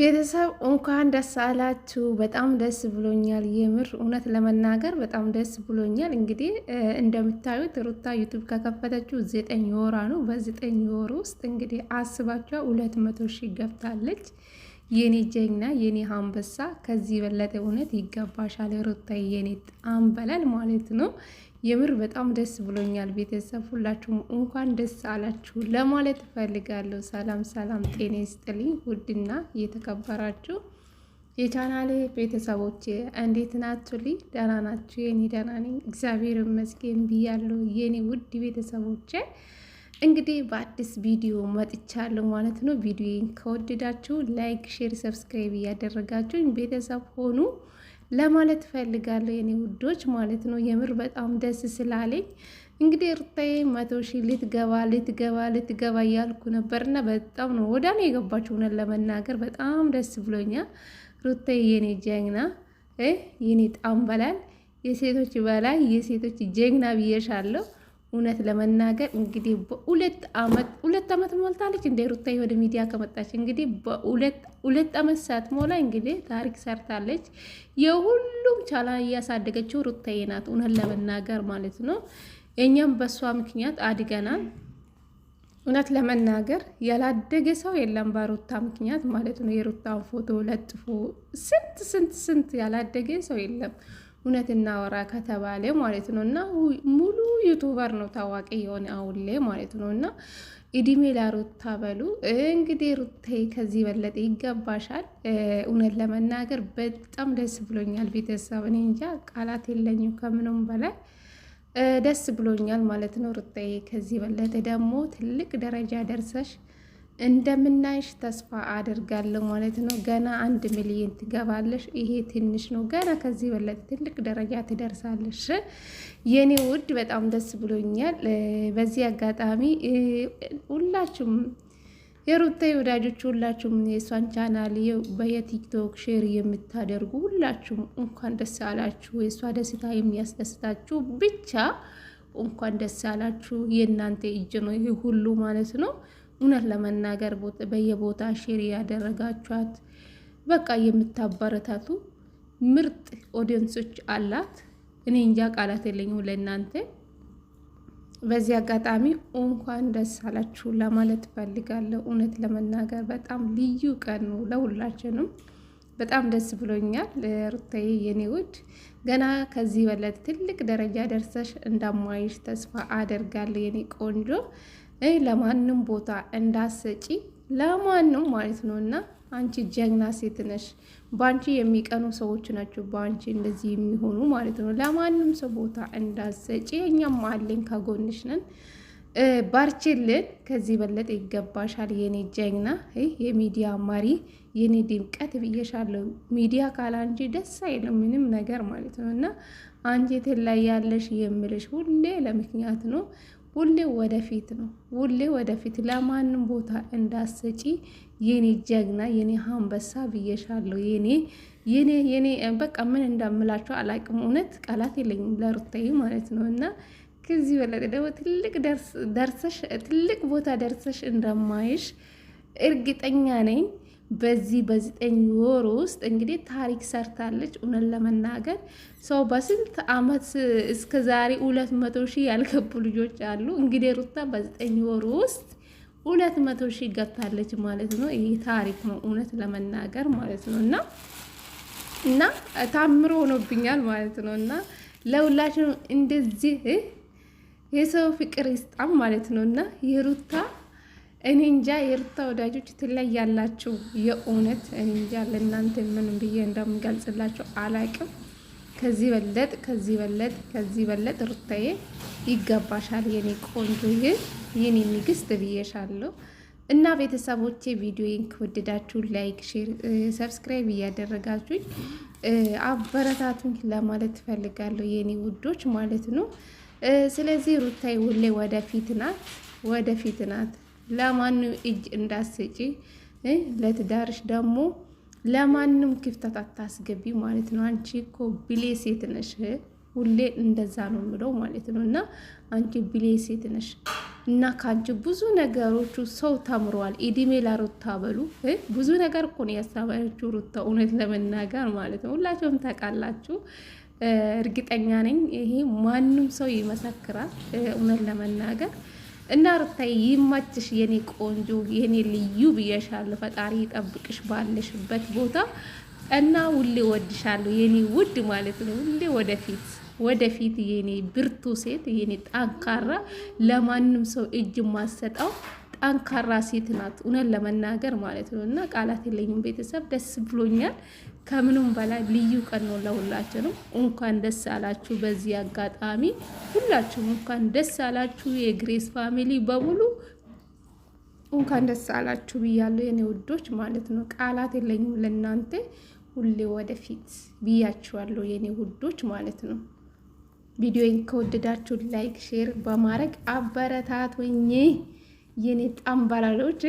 ቤተሰብ እንኳን ደስ አላችሁ። በጣም ደስ ብሎኛል። የምር እውነት ለመናገር በጣም ደስ ብሎኛል። እንግዲህ እንደምታዩት ሩታ ዩቱብ ከከፈተችው ዘጠኝ ወሯ ነው። በዘጠኝ ወር ውስጥ እንግዲህ አስባችኋ ሁለት መቶ ሺህ ገብታለች። የኔ ጀግና የኔ አንበሳ ከዚህ በለጠ እውነት ይገባሻል ሩታዬ፣ የኔ አንበላል ማለት ነው። የምር በጣም ደስ ብሎኛል። ቤተሰብ ሁላችሁም እንኳን ደስ አላችሁ ለማለት እፈልጋለሁ። ሰላም ሰላም፣ ጤና ይስጥልኝ ውድና እየተከበራችሁ የቻናሌ ቤተሰቦቼ እንዴት ናችሁልኝ? ደህና ናችሁ? የኔ ደህና ነኝ እግዚአብሔር ይመስገን ብያለሁ የኔ ውድ ቤተሰቦቼ እንግዲህ በአዲስ ቪዲዮ መጥቻለሁ ማለት ነው። ቪዲዮን ከወደዳችሁ ላይክ፣ ሼር፣ ሰብስክራይብ እያደረጋችሁኝ ቤተሰብ ሆኑ ለማለት ፈልጋለሁ የኔ ውዶች ማለት ነው። የምር በጣም ደስ ስላለኝ እንግዲህ እርታዬ መቶ ሺ ልትገባ ልትገባ ልትገባ እያልኩ ነበርና በጣም ነው ወዳኔ የገባችሁ ሆነን ለመናገር በጣም ደስ ብሎኛ። ሩታዬ የኔ ጀግና የኔ ጣም በላል የሴቶች በላይ የሴቶች ጀግና ብዬሻለሁ። እውነት ለመናገር እንግዲህ በሁለት ዓመት ሁለት ዓመት ሞልታለች እንደ ሩታዬ ወደ ሚዲያ ከመጣች እንግዲህ በሁለት ዓመት ሞላ እንግዲህ ታሪክ ሰርታለች። የሁሉም ቻላ እያሳደገችው ሩታዬ ናት፣ እውነት ለመናገር ማለት ነው። እኛም በእሷ ምክንያት አድገናል። እውነት ለመናገር ያላደገ ሰው የለም በሩታ ምክንያት ማለት ነው። የሩታን ፎቶ ለጥፎ ስንት ስንት ስንት ያላደገ ሰው የለም። እውነት እናወራ ከተባለ ማለት ነው እና ሙሉ ዩቱበር ነው ታዋቂ የሆነ አሁን ላይ ማለት ነው እና እድሜ ላሩታ በሉ እንግዲህ ሩቴ ከዚህ በለጠ ይገባሻል። እውነት ለመናገር በጣም ደስ ብሎኛል ቤተሰብ። እኔ እንጃ ቃላት የለኝም ከምንም በላይ ደስ ብሎኛል ማለት ነው። ሩቴ ከዚህ በለጠ ደግሞ ትልቅ ደረጃ ደርሰሽ እንደምናይሽ ተስፋ አድርጋለሁ ማለት ነው። ገና አንድ ሚሊዮን ትገባለሽ። ይሄ ትንሽ ነው። ገና ከዚህ በለጥ ትልቅ ደረጃ ትደርሳለሽ። የኔ ውድ በጣም ደስ ብሎኛል። በዚህ አጋጣሚ ሁላችሁም የሩታ ወዳጆች ሁላችሁም የእሷን ቻናል በየቲክቶክ ሼር የምታደርጉ ሁላችሁም እንኳን ደስ አላችሁ። የእሷ ደስታ የሚያስደስታችሁ ብቻ እንኳን ደስ አላችሁ። የእናንተ እጅ ነው ይህ ሁሉ ማለት ነው። እውነት ለመናገር በየቦታ ሼር ያደረጋችኋት በቃ የምታበረታቱ ምርጥ ኦዲየንሶች አላት። እኔ እንጃ ቃላት የለኝም ለእናንተ። በዚህ አጋጣሚ እንኳን ደስ አላችሁ ለማለት ፈልጋለሁ። እውነት ለመናገር በጣም ልዩ ቀን ነው ለሁላችንም። በጣም ደስ ብሎኛል። ሩታዬ የኔ ውድ ገና ከዚህ በለት ትልቅ ደረጃ ደርሰሽ እንዳማይሽ ተስፋ አደርጋለሁ የኔ ቆንጆ ለማንም ቦታ እንዳሰጪ ለማንም ማለት ነው። እና አንቺ ጀግና ሴት ነሽ። በአንቺ የሚቀኑ ሰዎች ናቸው፣ በአንቺ እንደዚህ የሚሆኑ ማለት ነው። ለማንም ሰው ቦታ እንዳሰጪ፣ እኛም አለን ከጎንሽ ነን። ባርችልን ከዚህ በለጠ ይገባሻል፣ የኔ ጀግና፣ የሚዲያ መሪ፣ የኔ ድምቀት ብዬሻለሁ። ሚዲያ ካለ አንቺ ደስ አይልም ምንም ነገር ማለት ነው እና አንጀቴ ላይ ያለሽ የምልሽ ሁሌ ለምክንያት ነው። ውሌ ወደፊት ነው። ውሌ ወደፊት ለማንም ቦታ እንዳሰጪ የኔ ጀግና፣ የኔ አንበሳ ብዬሻለሁ። የኔ የኔ የኔ በቃ ምን እንዳምላቸው አላቅም። እውነት ቃላት የለኝም ለሩታዬ ማለት ነው እና ከዚህ በላይ ደግሞ ትልቅ ደርሰሽ ትልቅ ቦታ ደርሰሽ እንደማይሽ እርግጠኛ ነኝ። በዚህ በዘጠኝ ወር ውስጥ እንግዲህ ታሪክ ሰርታለች። እውነት ለመናገር ሰው በስንት አመት እስከ ዛሬ ሁለት መቶ ሺህ ያልገቡ ልጆች አሉ። እንግዲህ ሩታ በዘጠኝ ወር ውስጥ ሁለት መቶ ሺህ ገብታለች ማለት ነው። ይህ ታሪክ ነው እውነት ለመናገር ማለት ነው እና እና ታምሮ ሆኖብኛል ማለት ነው እና ለሁላችንም እንደዚህ የሰው ፍቅር ይስጣም ማለት ነው እና የሩታ እኔ እንጃ የሩታ ወዳጆች ትለያላችሁ። የእውነት እኔ እንጃ ለእናንተ ምን ብዬ እንደምገልጽላችሁ አላቅም። ከዚህ በለጥ ከዚህ በለጥ ከዚህ በለጥ ሩታዬ ይገባሻል፣ የኔ ቆንጆ፣ የኔ ንግስት ብዬሻለሁ። እና ቤተሰቦቼ ቪዲዮን ከወደዳችሁ ላይክ፣ ሼር፣ ሰብስክራይብ እያደረጋችሁኝ አበረታቱኝ ለማለት ትፈልጋለሁ የኔ ውዶች ማለት ነው። ስለዚህ ሩታዬ ሁሌ ወደፊት ናት፣ ወደፊት ናት። ለማንም እጅ እንዳትሰጪ፣ ለትዳርሽ ደግሞ ለማንም ክፍተት አታስገቢ ማለት ነው። አንቺ እኮ ብሌ ሴት ነሽ። ሁሌ እንደዛ ነው የምለው ማለት ነው። እና አንቺ ብሌ ሴት ነሽ እና ከአንቺ ብዙ ነገሮቹ ሰው ተምሯል። ኢድሜ ላሩታ በሉ ብዙ ነገር እኮ ነው ያስተማረችው ሩታ፣ እውነት ለመናገር ማለት ነው። ሁላችሁም ታውቃላችሁ፣ እርግጠኛ ነኝ። ይሄ ማንም ሰው ይመሰክራል፣ እውነት ለመናገር እና ሩታዬ ይማችሽ፣ የኔ ቆንጆ፣ የኔ ልዩ ብዬሻለሁ። ፈጣሪ ይጠብቅሽ ባለሽበት ቦታ እና ሁሌ ወድሻለሁ የኔ ውድ ማለት ነው። ሁሌ ወደፊት ወደፊት የኔ ብርቱ ሴት፣ የኔ ጠንካራ፣ ለማንም ሰው እጅ ማሰጠው ጠንካራ ሴት ናት፣ እውነት ለመናገር ማለት ነው። እና ቃላት የለኝም ቤተሰብ፣ ደስ ብሎኛል። ከምንም በላይ ልዩ ቀን ነው ለሁላችንም። እንኳን ደስ አላችሁ። በዚህ አጋጣሚ ሁላችሁም እንኳን ደስ አላችሁ፣ የግሬስ ፋሚሊ በሙሉ እንኳን ደስ አላችሁ ብያለሁ፣ የኔ ውዶች ማለት ነው። ቃላት የለኝም ለእናንተ ሁሌ ወደፊት ብያችኋለሁ፣ የኔ ውዶች ማለት ነው። ቪዲዮን ከወደዳችሁ ላይክ፣ ሼር በማድረግ አበረታቱኝ። የኔ ጣምባላሎች